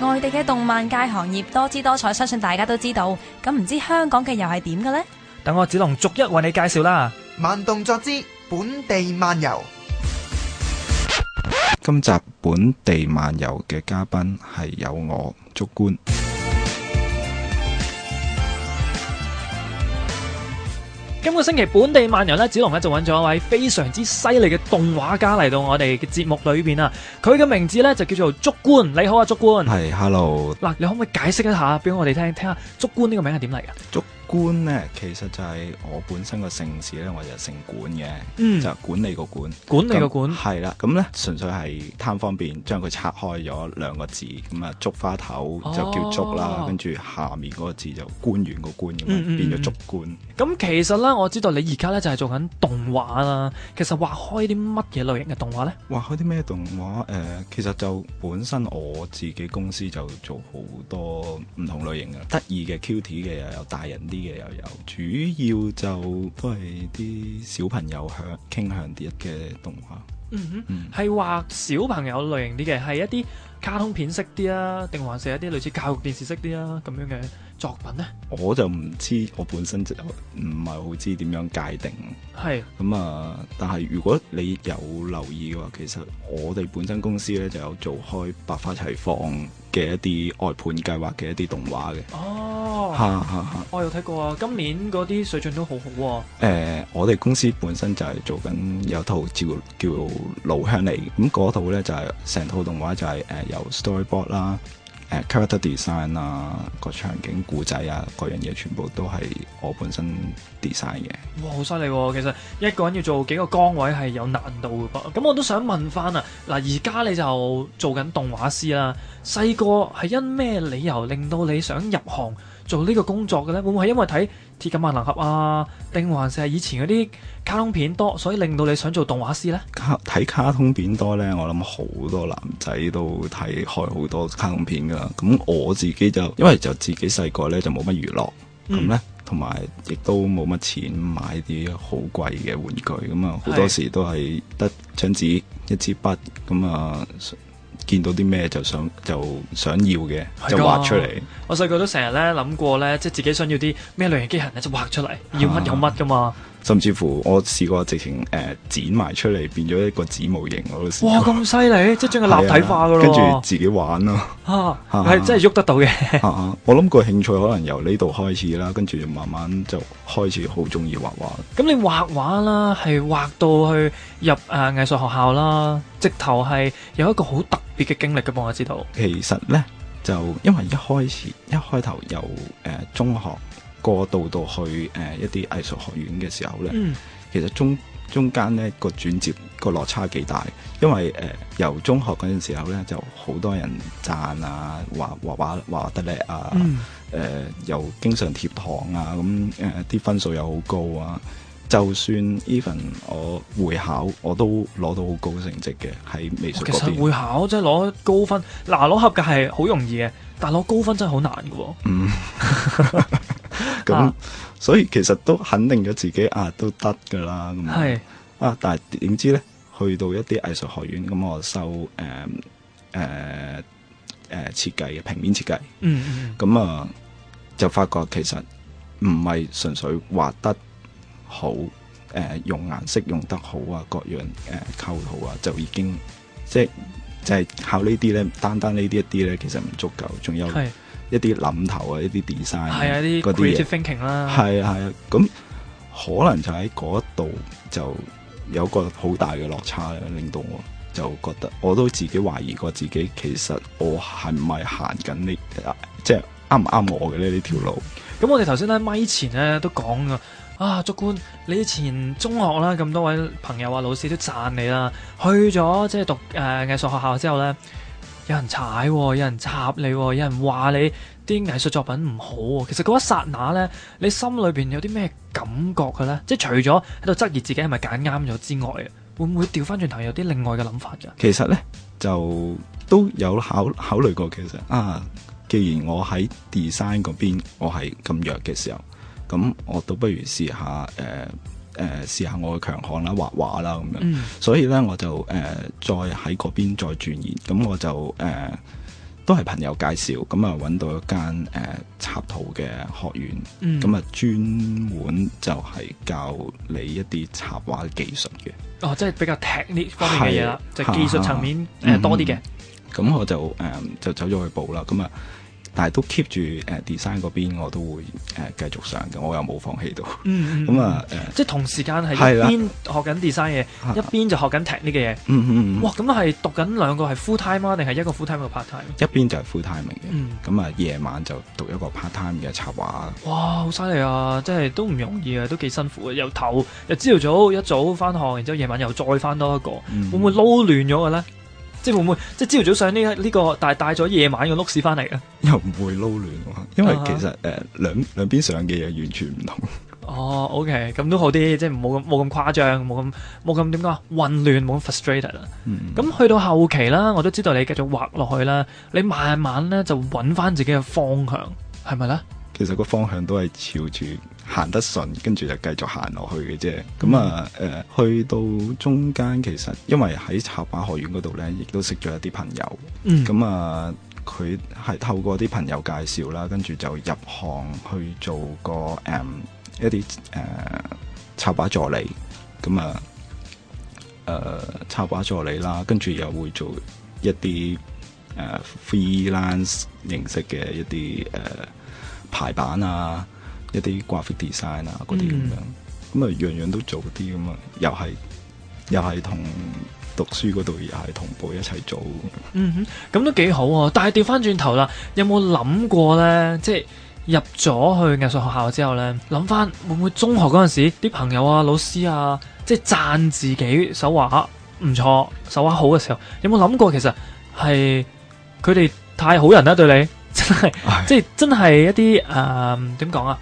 外地嘅動漫界行業多姿多彩，相信大家都知道。咁唔知香港嘅又係點嘅呢？等我只能逐一為你介紹啦。慢動作之本地漫遊，今集本地漫遊嘅嘉賓係有我竹官。今個星期本地漫遊咧，子龍咧就揾咗一位非常之犀利嘅動畫家嚟到我哋嘅節目裏邊啊！佢嘅名字咧就叫做竹官，你好啊，竹官。係，hello。嗱，你可唔可以解釋一下俾我哋聽，聽聽下竹官呢個名係點嚟㗎？官咧，其實就係我本身個姓氏咧，我就姓管嘅、嗯，就係、管理個管，管理個管，係啦。咁咧、嗯，純粹係貪方便，將佢拆開咗兩個字，咁啊，竹花頭就叫竹啦，跟、哦、住下面嗰個字就官員個官咁樣、嗯、變咗竹官。咁、嗯嗯、其實咧，我知道你而家咧就係做緊動畫啦。其實畫開啲乜嘢類型嘅動畫咧？畫開啲咩動畫？誒、呃，其實就本身我自己公司就做好多唔同類型嘅，得意嘅 QT 嘅又有大人。啲嘅又有，主要就都係啲小朋友向傾向啲嘅動畫。嗯哼，係、嗯、話小朋友類型啲嘅，係一啲卡通片式啲啊，定還是一啲類似教育電視式啲啊咁樣嘅作品呢，我就唔知道，我本身就唔係好知點樣界定。係咁啊，但係如果你有留意嘅話，其實我哋本身公司咧就有做開百花齊放嘅一啲外判計劃嘅一啲動畫嘅。哦。我 哦、有睇過啊，今年嗰啲水準都好好、啊、喎、呃。我哋公司本身就係做緊有套叫叫《爐香》嚟，咁、就是，嗰套咧就係成套動畫就係、是、誒、呃、由 Storyboard 啦、呃、Character Design 啊、個場景故仔啊各樣嘢全部都係我本身 design 嘅。哇，好犀利！其實一個人要做幾個崗位係有難度嘅噃。咁我都想問翻啊，嗱，而家你就做緊動畫師啦，細個係因咩理由令到你想入行？做呢個工作嘅咧，會唔會係因為睇鐵甲萬能俠啊？定還是係以前嗰啲卡通片多，所以令到你想做動畫師咧？睇卡通片多呢，我諗好多男仔都睇開好多卡通片噶喇。咁我自己就因為就自己細個呢，就冇乜娛樂，咁、嗯、呢，同埋亦都冇乜錢買啲好貴嘅玩具，咁啊好多時都係得張紙一支筆咁啊。見到啲咩就想就想要嘅，就畫出嚟。我細個都成日咧諗過咧，即係自己想要啲咩類型機械咧，就畫出嚟，要乜有乜㗎嘛。啊甚至乎我試過，直情誒剪埋出嚟，變咗一個紙模型。嗰個時候哇，咁犀利！ 即係將個立體化噶咯、啊。跟住自己玩咯。係、啊、係、啊、真係喐得到嘅、啊。我諗個興趣可能由呢度開始啦，跟住慢慢就開始好中意畫畫。咁你畫畫啦，係畫到去入誒藝術學校啦，直頭係有一個好特別嘅經歷嘅。我我知道。其實咧，就因為一開始一開頭由誒、呃、中學。過渡到去誒一啲藝術學院嘅時候咧、嗯,其實中中間咧個轉折個落差幾大,因為誒由中學嗰陣時候咧就好多人讚啊,畫畫畫畫得叻啊,誒、嗯呃、又經常貼堂啊,咁誒啲分數又好高啊,就算 even 我會考我都攞到好高成績嘅喺美術。其實會考即係攞高分,嗱攞合格係好容易嘅,但係攞高分真係好難㗎。嗯。 咁、啊、所以其實都肯定咗自己啊，都得噶啦咁啊！但係點知咧，去到一啲藝術學院咁，我收誒誒誒設計嘅平面設計。嗯，嗯，嗯，咁啊、呃、就發覺其實唔係純粹畫得好，誒、呃、用顏色用得好啊，各樣誒、呃、構圖啊，就已經即就係、係就係、靠呢啲咧，單單些些呢啲一啲咧，其實唔足夠，仲有，一啲諗頭啊，一啲 design，嗰啲 creative thinking 啦，係啊係啊，咁、啊啊、可能就喺嗰度就有個好大嘅落差，令到我就覺得我都自己懷疑過自己，其實我係唔係行緊呢？即係啱唔啱我嘅呢？呢條路。咁我哋頭先喺咪前咧都講啊，啊竹官，你以前中學啦咁多位朋友啊老師都讚你啦，去咗即係讀誒、呃、藝術學校之後咧。有人踩、啊，有人插你、啊，有人話你啲藝術作品唔好、啊。其實嗰一剎那呢，你心裏面有啲咩感覺嘅呢？即係除咗喺度質疑自己係咪揀啱咗之外，會唔會調翻轉頭有啲另外嘅諗法嘅？其實呢，就都有考考慮過。其實啊，既然我喺 design 嗰邊，我係咁弱嘅時候，咁我倒不如試下誒。呃誒試下我嘅強項啦，畫畫啦咁樣、嗯，所以咧我就誒、呃、再喺嗰邊再轉移，咁我就誒、呃、都係朋友介紹，咁啊揾到一間誒、呃、插圖嘅學院，咁啊專門就係教你一啲插畫技術嘅。哦，即係比較 technical 方面嘅嘢啦，就技術層面誒、呃、多啲嘅。咁、嗯嗯、我就誒、呃、就走咗去報啦，咁、嗯、啊。但係都 keep 住 design 嗰邊，我都會繼續上嘅，我又冇放棄到。咁、嗯、啊、嗯、即係同時間係一邊學緊 design 嘢，一邊就學緊踢呢嘅嘢。嗯、嗯、嗯哇！咁係讀緊兩個係 full time 啊，定係一個 full time 一個 part time？一邊就係 full time 嚟嘅，咁啊夜晚就讀一個 part time 嘅插畫。哇！好犀利啊！即係都唔容易啊，都幾辛苦啊！又頭朝頭早一早翻學，然之後夜晚又再翻多一個，嗯、會唔會撈亂咗嘅咧？即係會唔會即係朝頭早上呢、這個？呢、這個帶咗夜晚嘅碌屎翻嚟啊？又唔會撈亂喎，因為其實誒兩兩邊上嘅嘢完全唔同。哦、oh，OK，咁都好啲，即係冇咁冇咁誇張，冇咁冇咁點講啊？混亂，冇咁 frustrated 啦。咁、嗯、去到後期啦，我都知道你繼續畫落去啦，你慢慢咧就揾翻自己嘅方向，係咪咧？其實個方向都係朝住。行得順，跟住就繼續行落去嘅啫。咁、嗯、啊，誒、嗯、去到中間，其實因為喺插畫學院嗰度咧，亦都識咗一啲朋友。咁、嗯、啊，佢、嗯、係透過啲朋友介紹啦，跟住就入行去做個誒、um, 一啲誒插畫助理。咁、嗯、啊，誒插畫助理啦，跟住又會做一啲誒、uh, freelance 形式嘅一啲誒、uh, 排版啊。一啲掛幅 design 啊，嗰啲咁樣，咁、嗯、啊樣樣都做啲咁啊，又係又係同讀書嗰度又係同步一齊做。嗯哼，咁都幾好啊！但係調翻轉頭啦，有冇諗過咧？即係入咗去藝術學校之後咧，諗翻會唔會中學嗰陣時啲朋友啊、老師啊，即係讚自己手畫唔錯、手畫好嘅時候，有冇諗過其實係佢哋太好人啦？對你真係即係真係一啲誒點講啊？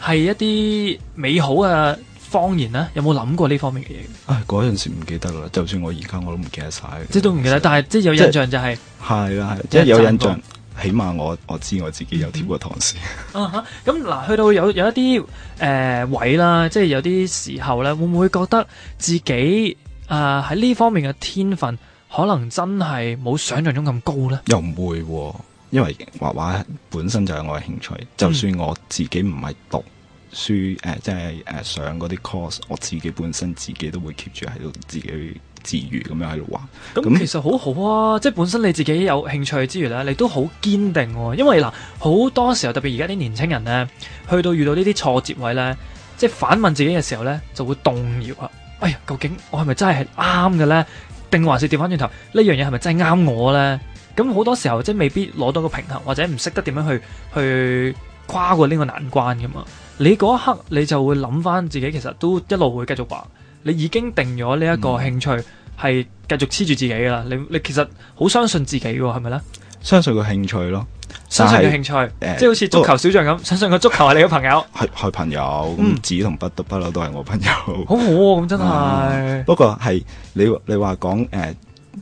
係一啲美好嘅方言咧，有冇諗過呢方面嘅嘢？唉、啊，嗰陣時唔記得啦，就算我而家我都唔記得晒。即係都唔記得，但係即係有印象就係、是。係啦係，即係有印象，起碼我我知我自己有貼過唐詩、嗯。咁嗱，去到有有一啲誒、呃、位啦，即、就、係、是、有啲時候咧，會唔會覺得自己誒喺呢方面嘅天分可能真係冇想象中咁高咧？又唔會、啊。因為畫畫本身就係我嘅興趣，就算我自己唔係讀書誒，即係誒上嗰啲 course，我自己本身自己都會 keep 住喺度自己自娛咁樣喺度畫。咁、嗯、其實好好啊，即係本身你自己有興趣之餘呢，你都好堅定、啊。因為嗱、啊，好多時候特別而家啲年青人呢，去到遇到呢啲挫折位呢，即係反問自己嘅時候呢，就會動搖啊！「哎呀，究竟我係咪真係係啱嘅呢？定還是調翻轉頭呢樣嘢係咪真係啱我呢？」咁好多時候即係未必攞到個平衡，或者唔識得點樣去去跨過呢個難關咁啊！你嗰一刻你就會諗翻自己，其實都一路會繼續話，你已經定咗呢一個興趣係、嗯、繼續黐住自己㗎啦。你你其實好相信自己喎，係咪咧？相信個興趣咯，相信個興趣，即係好似足球小將咁、呃，相信個足球係你嘅朋友，係 係朋友咁，子、嗯、同不獨不嬲都係我朋友，好好喎、啊，咁真係、嗯。不過係你你話講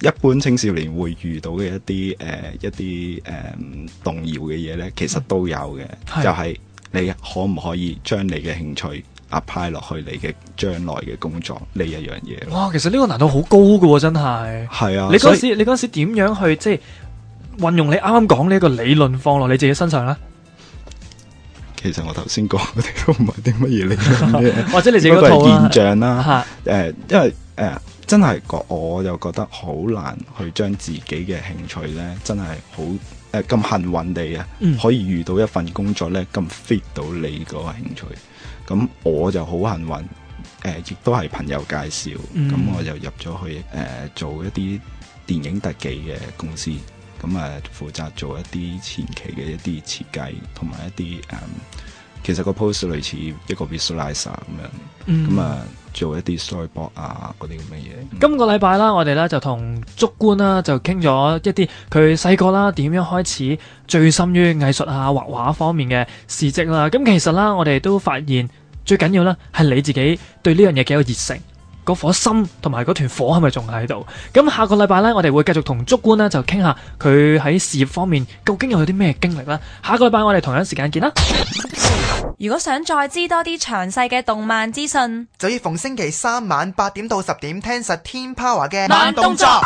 一般青少年會遇到嘅一啲誒、呃、一啲誒、呃、動搖嘅嘢咧，其實都有嘅、嗯、就係、是、你可唔可以將你嘅興趣 apply 落去你嘅將來嘅工作呢一樣嘢？哇，其實呢個難度好高㗎，真係。係啊，你嗰時你嗰時點樣去即係運用你啱啱講呢個理論放落你自己身上咧？其實我頭先講啲都唔係啲乜嘢理論， 或者你自己個現象啦、啊。誒， 因為誒。呃真係覺，我又覺得好難去將自己嘅興趣咧，真係好誒咁幸運地啊、嗯，可以遇到一份工作咧咁 fit 到你個興趣。咁我就好幸運誒亦都係朋友介紹，咁、嗯、我就入咗去誒、呃、做一啲電影特技嘅公司，咁、呃、啊負責做一啲前期嘅一啲設計同埋一啲誒、嗯、其實個 post 類似一個 visualizer 咁樣。咁、嗯、啊，做一啲賽博啊，嗰啲咁嘅嘢。今個禮拜啦，我哋咧就同竹官啦，就傾咗一啲佢細個啦點樣開始，醉心於藝術啊、畫畫方面嘅事跡啦。咁其實啦，我哋都發現最緊要咧，係你自己對呢樣嘢幾有熱誠，嗰顆心同埋嗰團火係咪仲喺度？咁下個禮拜咧，我哋會繼續同竹官咧就傾下佢喺事業方面究竟有啲咩經歷啦。下個禮拜我哋同樣時間見啦。 如果想再知多啲詳細嘅動漫資訊，就要逢星期三晚八點到十點聽實天 Power 嘅慢動作。